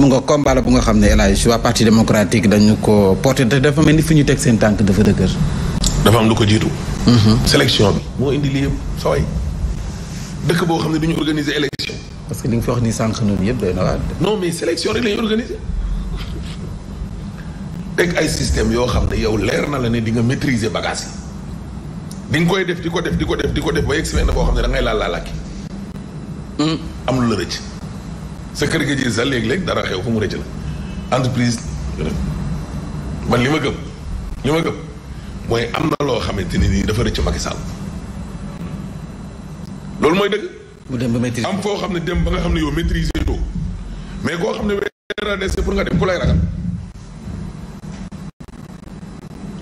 mu nga combat bu nga xam ne El Hadj waa parti démocratique dañu ko porté te dafa mel ni fi ñu teg seen tànk dafa dëgër. dafa am lu ko jiitu. Mhm. sélection bi moo indi lii yëpp saway dëkk boo xam ne du ñu organiser élection. que li nga fi wax ni sànq noonu yëpp doy na waat. non mais sélection rek la ñu teg ay système yoo xam ne yow leer na la ne di nga maîtriser bagage yi di koy def di ko def di ko def di ko def ba yegg si na boo xam ne da ngay laal hmm. am lu la rëcc. sa kër ga ji sax léeg-léeg dara xew fu mu rëcc la entreprise man li ma gëm li ma gëm mooy am na loo xamante ni nii dafa rëcc Macky Sall loolu mooy dëgg. mu dem ba maîtriser am foo xam ne dem ba nga xam ne yow maîtriser too mais koo xam ne weer dese pour nga dem ku lay ragal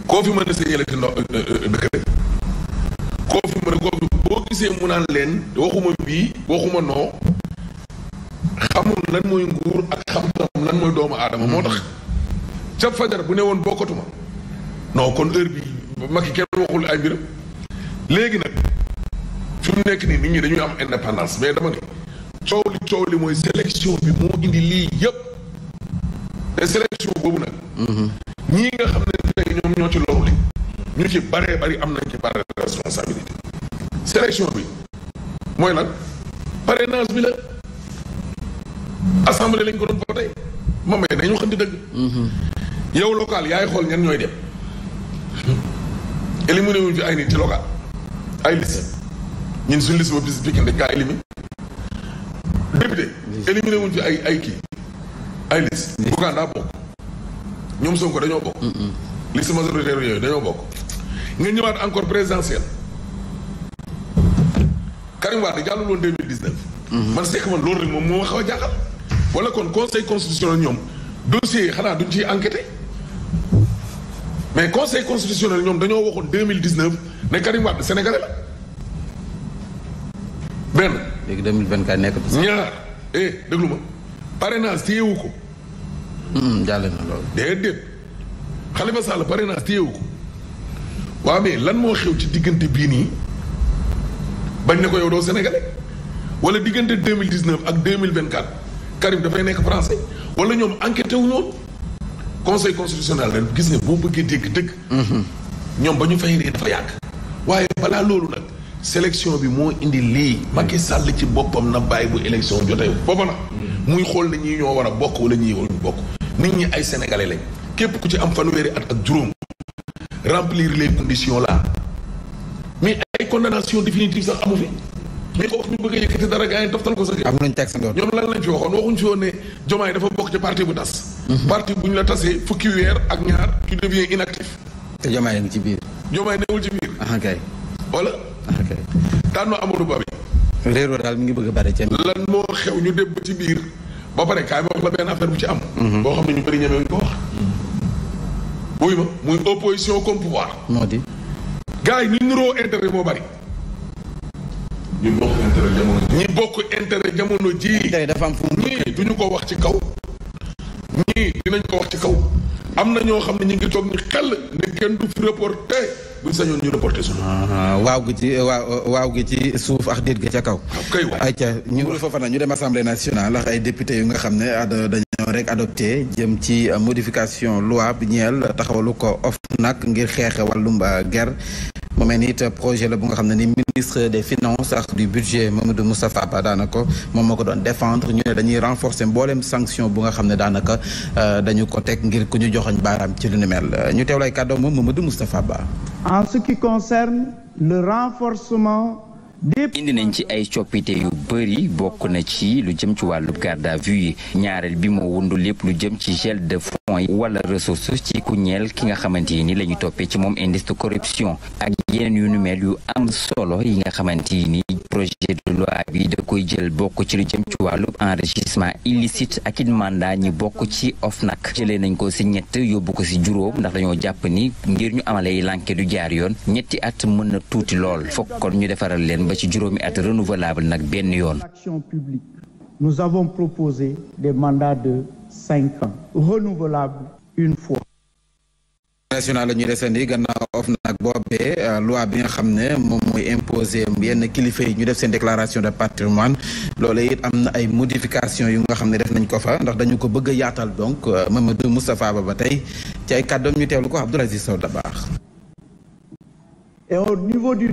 koo fi mën a ndox euh, euh, dëkk koo fi a koo fi boo gisee mu naan leen waxuma bii waxuma noo lan mooy nguur ak xam-xam lan mooy doomu aadama moo tax ca fajar bu ne woon bokkatuma non kon heure bi Macky kenn waxul ay mbiram léegi nag fi mu nekk nii nit ñi dañuy am indépendance mais dama ne coow li coow li mooy sélection bi moo indi lii yëpp te sélection boobu nag mhm. ñii nga xam ne tey ñoom ci li ñu ci baree bari am nañ ci bare responsabilité sélection bi mooy lan parrainage bi la assemblée lañ ko doon voté moom mais dañu xënti dëgg. Mhm. yow local yaay xool ñan ñooy dem. éliminé wuñ fi ay nit ci local ay liste ñun suñu liste boobu bis Pikine dañ kaa éliminé. député éliminé wuñ fi ay ay kii ay liste. Bougane daa bokk ñoom Sonko dañoo bokk. Mhm. liste majoritaire yooyu dañoo bokk. nga ñëwaat encore présidentielle. Karim Wade jàllul woon deux mille mhm. man sekk man loolu rek moom moo ma xaw a jaaxal. wala kon conseil constitutionnel ñoom dossier xanaa duñ ci enquêté mais conseil constitutionnel ñoom dañoo waxoon deux mille dix neuf ne Karim Wade sénégalais la benn. léegi deux mille vingt quatre nekk ñaar eh déglu ma parrainage téyewu ko. Hmm, jàll na loolu. déedéet Khalifa Sall parrainage ko waa mais lan moo xew ci diggante bii nii bañ ne ko yow doo sénégalais wala diggante deux mille dix neuf ak deux Karim dafay nekk français wala ñoom enquêté wu ñoon conseil constitutionnel ren gis nga boo bëggee dégg dëgg. ñoom ba ñu fay dafa yàgg. waaye balaa loolu nag sélection bi moo indi lii. Macky Sall ci boppam na bàyyi bu élection jotee booba na muy xool ne ñii ñoo war a bokk wala ñii waruñu bokk. nit ñi ay sénégalais lañ. képp ku ci am fanweeri at ak juróom. remplir les conditions là. mais ay condamnation définitive sax amu fi. bi ko wax ñu bëgg a yëkkati dara gaa yi toftal ko sa kër. am nañ teg seen yoon ñoom lan lañ fi waxoon tas. Mhm. parti fukki weer ak ñaar tu deviens inactif. te Diomaye ngi ci ci biir. ah kay. voilà. ah kay tànn Amadou Ba daal mi ngi bëgg a bari lan moo xew ñu dem ba ci biir ba pare kaay wax la benn ci am. Mhm. boo xam ne ñu bëri ñemewuñ ko wax. Mhm. wuy ma muy opposition comme di. gars yi ñu moo bari. ñi bokk intérêt jamono ji. ñi bokk intérêt jamono ji. dafa am fu ko wax ci kaw. ñii dinañ ko wax ci kaw. am na ñoo xam ne ñu ngi toog ñu xel ne kenn du fi reporté buñ sañoon ñu reporté suuf. Ah, waaw gi ci waaw waaw gi ci suuf ak déet ga ca kaw. Ah, kay waay ayca ñu foofa nag ñu dem assemblée nationale ndax ay député yu nga xam ne dañoo rek adopté jëm ci euh, modification loi bi ñeel taxawalu ko of nag ngir xeex wàllum euh, ger mu mel ni it projet la bu nga xam ne ni ministre des finances ak du budget Mamadou Moustapha Ba daanaka moom moo ko doon défendre ñu ne dañuy renforcer mbooleem sanction bu nga xam ne daanaka euh, dañu ko teg ngir ku ñu joxoñ baaraam ci lu ni mel ñu teewlay kàddoom moom Mamadou Moustapha Ba. en ce qui concerne le renforcement. indi nañ ci ay coppite yu bëri bokk na ci lu jëm ci wàllu garde à vue yi ñaareel bi moo wundu lépp lu jëm ci gel de fonds wala ressource ci ku ñeel ki nga xamante yi ni la ñu toppee ci moom indi de corruption ak yeneen yu nu mel yu am solo yi nga xamante yi ni projet loi bi da koy jël bokk ci lu jëm ci wàllu enregistrement illicite ak it mandat ñi bokk ci OFNAC jëlee nañ ko si ñett yóbbu ko ci juróom ndax dañoo jàpp ni ngir ñu amalee lànke du jaar yoon ñetti at mën na tuuti lool fokk kon ñu defaral leen ba ci juróomi at renouvelable nag benn yoon. Nous avons proposé des national la ñuy desandi gannaaw of nag boobee euh, loi bi nga xam ne moom mooy imposé yenn kilifa yi ñu def seen déclaration de patrimoine loolu it am na ay modification yu nga xam ne def nañ ko fa ndax dañu ko bëgg a yaatal donc euh, Mamadou Moustapha Ba ba tey ci ay kàddoom ñu teewlu ko Abdoul Aziz Sow da baax et au niveau li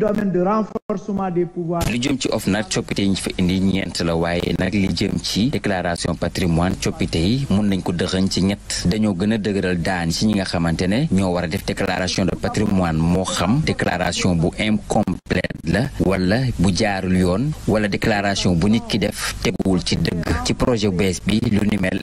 jëm ci OFNAC coppite yi ñu fa indi ñeent la waaye nag li jëm ci déclaration patrimoine coppite yi mun nañ ko dëxëñ ci ñett dañoo gën a dëgëral daan ci ñi nga xamante ne ñoo war a def déclaration de patrimoine moo xam déclaration bu incomplète la wala bu jaarul yoon wala déclaration bu nit ki def teguwul ci dëgg ci projet bees bi lu ni mel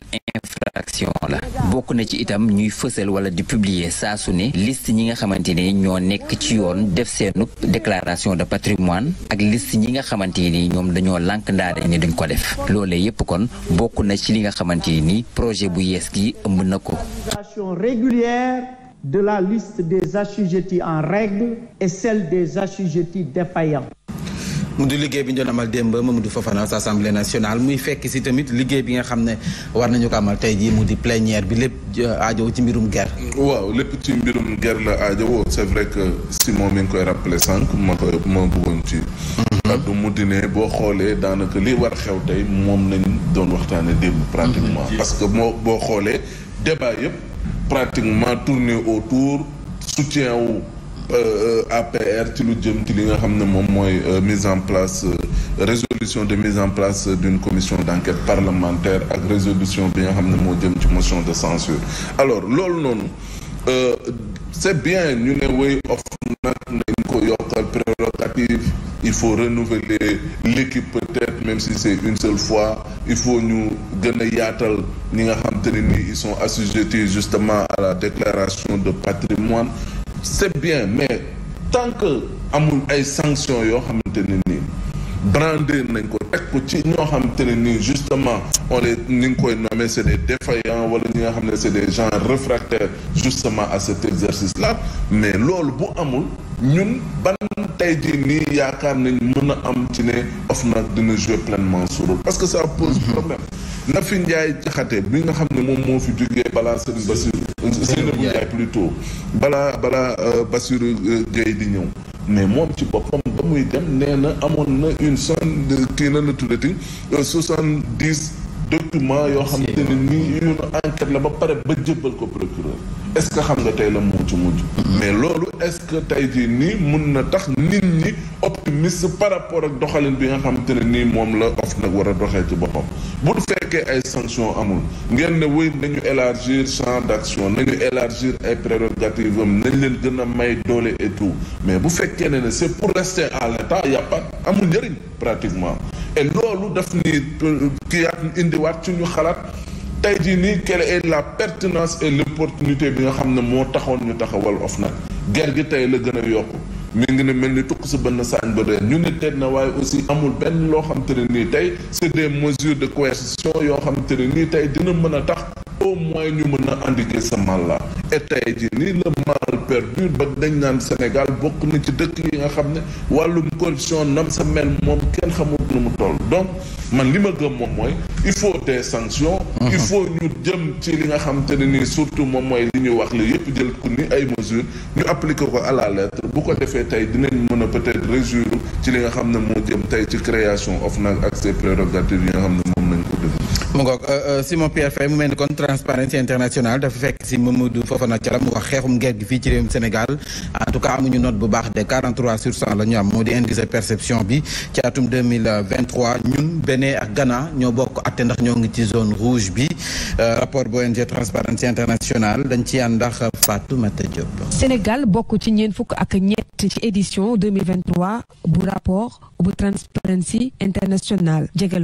la bokk na ci itam ñuy fësal wala di publier saa su ne ñi nga xamante ne ñoo nekk ci yoon def seenu déclaration de patrimoine ak list ñi nga xamante ni ñoom dañoo lànk ndaare ni duñ ko def loole yëpp kon bokk na ci li nga xamante ni projet bu yees gi ëmb na ko. régulière de la liste des assujettis en règle et celle des assujettis défaillants. mu di liggéey bi ñu doon amal démb Mamadou Fofana sa assemblée nationale muy fekk si tamit liggéey bi nga xam ne war nañu ko amal tey jii mu di plénière bi lépp euh, aajow ci mbirum guerre. waaw lépp ci mbirum guerre la aajow c'est vrai que Simon mi ngi koy rappelé sànq ma ko ma bëggoon ci. Mhm. kaddu mu di ne boo xoolee daanaka li war xew tey moom nañ doon waxtaanee démb pratiquement. Mhm. parce que moo boo xoolee débat yëpp pratiquement tourné autour soutien wu. Euh, APR ci lu jëm ci li nga xam ne moom mooy euh, mise en place euh, résolution de mise en place d'une commission d'enquête parlementaire ak résolution bi nga xam ne moo jëm ci motion de censure alors loolu noonu c'est bien ñu ne woy of nag nañ ko yokkal prérogative il faut renouveler l'équipe peut-être même si c'est une seule fois il faut ñu gën yaatal ñi nga xam te ne ni ils sont assujettis justement à la déclaration de patrimoine c'est bien mais tant que amul ay sanctions yoo xamante ne nii brandir nañ ko teg ko ci ñoo xamante ne nii justement on les ni nga koy nommé c'est des wala ñi nga xam ne c'est des gens réfractaires justement à cet exercice là mais loolu bu amul ñun ban tey jii nii yaakaar nañ mën a am ci ne OFNAC dina jouer pleinement son parce que ça pose mhm. problème Nafi Ndiaye Jaxate bi nga xam ne moom moo fi jógee balaa sëñ Bassirou Seynabou Ndiaye plutôt balaa balaa euh, Bassirou euh, Gueye di ñëw mais moom ci boppam ba dem nee na amoon na une soixante kii na la tuddati euh, soixante dix document yoo xam te ne nii yu ñu enquête la ba pare ba jëbbal ko procureur est-ce que xam nga tey la moo ci mujj mais loolu est-ce que tey jii nii mun na tax nit ñi optimiste par rapport ak doxalin bi nga xam te ne nii moom la of nag war a doxee ci boppam bu fekkee ay sanctions amul ngeen ne wéy nañu élargir champ d'action nañu élargir ay prérogatives am nañ leen gën a may doole et mais bu fekkee ne ne c'est pour rester à l'état y a amul njëriñ pratiquement et loolu daf ni kiyaat indiwaat suñu xalaat tey jii nii quelle et la pertinence et l'opportunité bi nga xam ne moo taxoon ñu taxawal OFNAC ger gi tey la gën a yokk mi ngi ne mel ni tukk sa benn saañ ba dee ñu ne tedd na waaye aussi amul benn loo xam te ne nii tey c'est des mesures de coercition yoo xam te ne nii tey dina mën a tax au moins ñu mën a endiguer ce mal là et tey jii nii le mal perdure ba dañ naan Sénégal bokk na ci dëkk yi nga xam ne wàllum corruption nam sa mel moom kenn xamul nu mu toll donc man li ma gëm moom mooy il faut des sanctions mhm. il faut ñu jëm ci li nga xam ne nii surtout moom mooy li ñuy wax li yëpp jël ko ni ay mesures ñu appliquer ko à la lettre bu ko defee tey ñu mën a peut-être résoudre ci li nga xam ne moo jëm tey ci création OFNAC ak ses prérogatives yi nga xam ne mu ngoog euh, euh, Simon Pierre Faye mu mel ni kon Transparency International dafa fekk si Mamadou Fofana Thiam mu wax xeexum guerre gi fii ci réewum Sénégal en amuñu note bu baax de 43 am moo di indice perception bi ci atum ñun Bénin ak Ghana ñoo bokk atte ndax ñoo ngi ci zone rouge bi euh, rapport bu ONG Transparency International dañ ci ànd ndax Fatoumata Diop. Sénégal bokk ci ñeent fukk ak ñett ci édition bu rapport bu Transparency International jege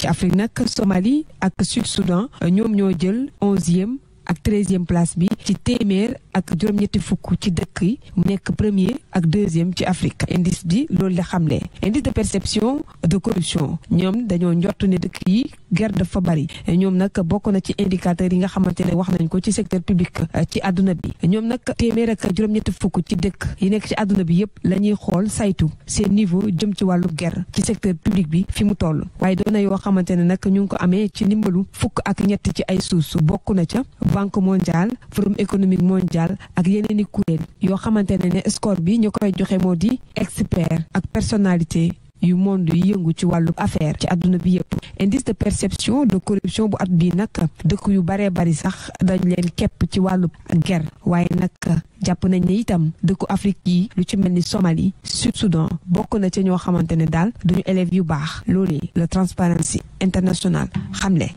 ci Afrique nag somali ak Sud Soudan ñoom ñoo jël onzième ak treizième place bi ci téeméer ak juróom-ñetti fukk ci dëkk yi mu nekk premier ak deuxième ci Afrique indice bi loolu la xamle indice de perception de corruption ñoom dañoo njort ne dëkk yi ger dafa bari ñoom nag bokk na ci indicateurs yi nga xamante ne wax nañ ko ci secteur public ci àdduna bi ñoom nag téeméer ak juróom fukk ci dëkk yi nekk ci àdduna bi yépp la ñuy xool saytu seen niveau jëm ci wàllu ger ci secteur public bi fi mu toll waaye doona yoo xamante ne nag ñu ngi ko amee ci ndimbalu fukk ak ñett ci ay sources bokk na ca banque mondiale forum économique mondiale ak yeneen i kuréel yoo xamante ne ne score bi ñu koy joxe moo di expert ak personnalité yu monde yu yëngu ci wàllu affaire ci àdduna bi yëpp indice de perception de corruption bu at bii nag dëkk yu baree bari sax dañ leen képp ci wàllu ger waaye nag jàpp nañ ne itam dëkku Afrique yi lu ci mel ni Somalie Sud Soudan bokk na ca ñoo xamante ne daal duñu élève yu baax loolee la Transparency International xamle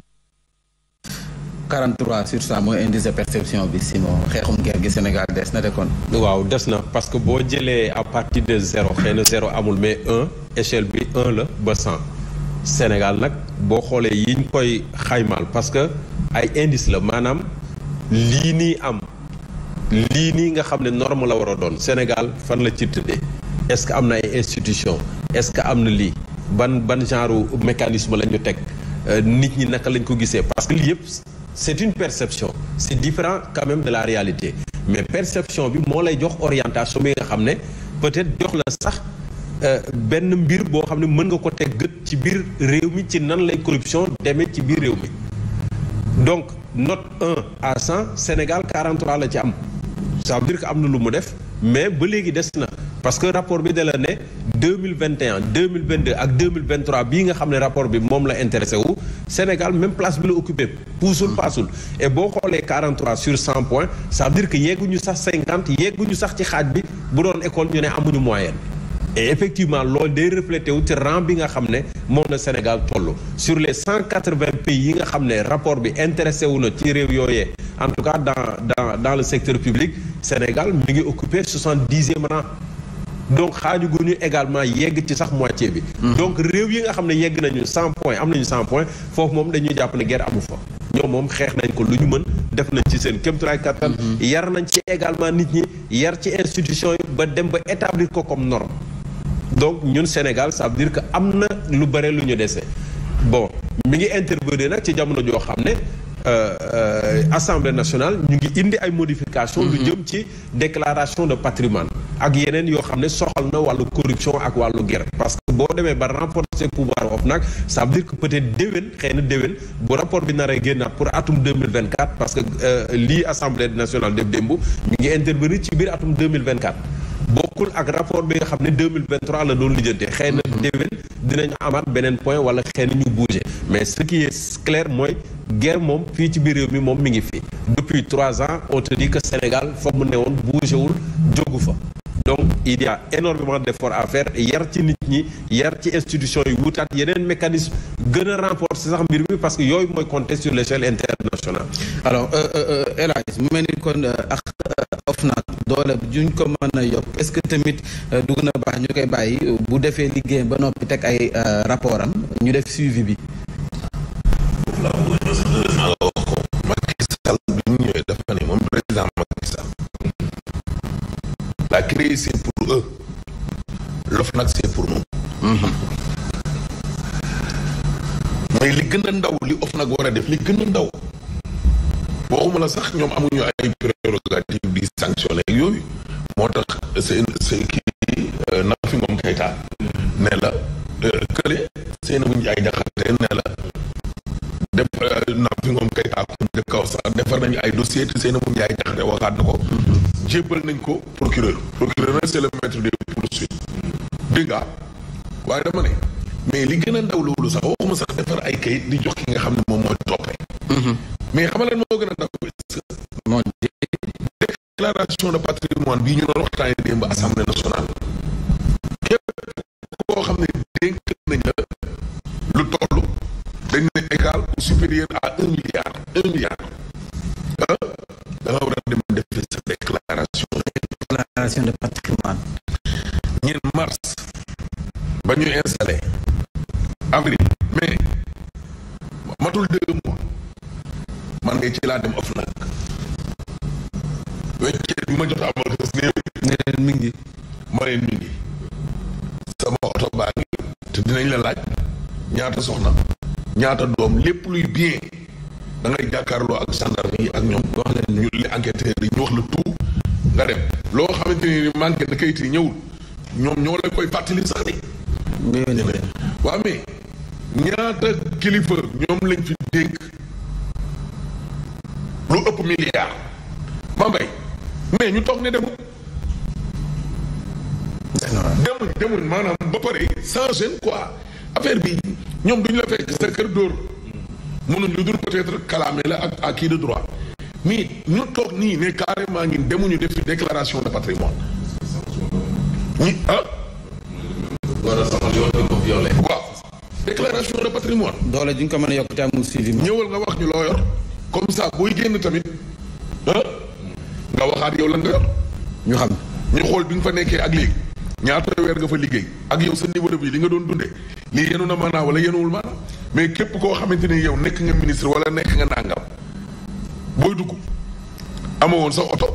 43 sur ça mooy indice de perception bi moom xeexum guerre gi Sénégal des na de kon. waaw des na parce que boo jëlee à partir de zéro xëy na zéro amul mais un échelle bi un la ba cent Sénégal nag boo xoolee yi koy xaymaal parce que ay indice la maanaam lii nii am lii nii nga xam ne norme la war doon Sénégal fan la ci tëddee est-ce que am na ay institution est-ce que am na lii ban ban genre mécanisme la ñu teg euh, nit ñi naka lañ ko gisee parce que lii yëpp. c'est une perception c'est différent quand même de la réalité mais perception bi moo lay jox orientation bi nga xam ne peut-être jox la sax euh, benn mbir boo xam ne mën nga ko teg gët ci biir réew mi ci nan lay corruption demee ci biir réew mi donc not 1 à 100 Sénégal 43 la ci am ça veut dire am na lu mu def mais ba léegi des na parce que rapport bi da la ne deux mille vingt et un deux mille vingt deux ak deux mille vingt trois bii nga xam ne rapport bi moom la intéressé wu Sénégal même place bi la occupé puusul hmm. paasul et boo xoolee quarante trois sur cent points ça veut dire que yegguñu sax cinquante ñu sax ci xaaj bi bu doon école ñu ne amuñu moyenne. effectivement loolu de reflété wu ci rang bi nga xam ne moom la Sénégal toll sur les cent quatre vingt pays yi nga xam ne rapport bi intéressé wu na ci réew yooyee en tout cas dans dans dans le secteur public Sénégal mi ngi occupé soixante dixième rang. donc xaaju gu ñu également yegg ci sax moitié bi. Hmm. donc réew yi nga xam ne yegg nañu cent points am nañu cent points foofu moom dañuy jàpp ne guerre amu fa. ñoo moom xeex nañ ko lu ñu mën def nañ ci seen kéemtulaay kattan. Hmm. yar nañ ci également nit ñi yar ci institution yi ba dem ba établir ko comme norme. donc ñun Sénégal ça veut dire que am na lu bare lu ñu dese bon mu ngi intervenir nag ci jamono joo xam ne. Euh, euh, assemblée nationale ñu ngi indi ay modification lu mhm. jëm ci déclaration de patrimoine ak yeneen yoo xam ne soxal na wàllu corruption ak wàllu guerre parce que boo demee ba renforcer pouvoir OFNAC ça veut dire que peut-être déwén xëy na déwén bu rapport bi naree génnaat pour atum 2024 parce que euh, lii assemblée nationale def démb ñu ngi intervenir ci biir atum 2024 bokkul ak rapport bi nga xam ne 2023 la doon lijjante xëy na déwén dinañ amaat beneen point wala xëy na ñu bougé mais ce qui est mooy guerre moom fii ci biir réew mi moom mi ngi fi depuis trois ans on te dit que Sénégal foog mu ne woon bougé wul jógu fa donc il y a énormément d'efforts à faire yar ci nit ñi yar ci institution yi wutaat yeneen mécanisme gën a renforcer sax mbir mi parce que yooyu mooy contexte sur l'échelle internationale alors euh, euh, euh, El Hadj mu OFNAC doole juñ ko mën a yokk est-ce que tamit euh, dugg na a baax ñu koy bàyyi bu defee liggéeyam ba noppi teg ay euh, rapport am ñu def suivi bi. La CREI c'est pour eux. L'OFNAC c'est pour mhm. moom mais li gën a ndaw li OFNAC war a def li gën a ndaw. waxuma la sax ñoom amuñu ay prérogative di sanctionné yooyu moo tax seen seen kii euh, Nafi Ngom Keïta ne la euh, kële Seynabou Ndiaye Diakhaté ne la def euh, Nafi Ngom Keïta ku njëkk a wax sax defar nañu ay dossier te Seynabou Ndiaye Diakhaté waxaat na ko jébbal nañ ko procureur procureur c'est le maître pour poursuites dégg nga waaye dama ne mais li gën a ndaw loolu sax waxuma sax defar ay kayit di jox ki nga xam ne moom mooy toppee mais xamal lan moo gën a ndaw non déclaration de patrimoine bii ñu doon waxtaanee démb assemblée nationale képp koo xam ne dénk nañ la lu toll dañ égal ou supérieur à un milliard un milliard ah da nga war a dem def sa déclaration. déclaration de patrimoine. ñeen mars ba ñuy installé avril mai matul deux mois. man ngay ci laa dem of nag weccet bi ma jox amal kës néew ne leen mi ma leen mi ngi sama oto baa ngi te dinañ la laaj ñaata soxna ñaata doom lépp luy bien da jàkkaarloo ak gendarme yi ak ñoom wax leen ñu li enquêteur yi ñu wax la tout nga dem loo xamante ni manqué na kayit yi ñëwul ñoom ñoo lay koy fàttali sax ni waaw mais ñaata kilifa ñoom lañ fi dénk lu ëpp milliard ma mbay mais ñu toog ne demul demuñ demuñ maanaam ba pare sans gêne quoi affaire bi ñoom duñu la fekk sa kër dóor mënuñ lu dul peut-être kalaame la ak acquis de droit mais ñu toog nii ne carrément ñun ñu def déclaration de patrimoine ñi ah waaw déclaration de patrimoine doole duñ ko mën a yokk te amul suivi ñëwal nga wax ñu loo yor comme ça booy génn tamit ah nga waxaat yow lan yor ñu xam ñu xool bi nga fa nekkee ak léegi ñaata weer nga fa liggéey ak yow sa niveau de vie li nga doon dundee lii yenu na maanaam wala yenuwul maanaam mais képp koo xamante ni yow nekk nga ministre wala nekk nga nangam booy dugg amoo sa oto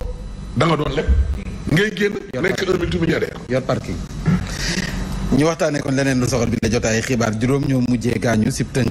da doon lépp ngay génn nekk un multimilliardaire yor parking ñu waxtaanee kon leneen lu soxal bi la jotaay xibaar juróom ñoo mujjee gaañu sib tënk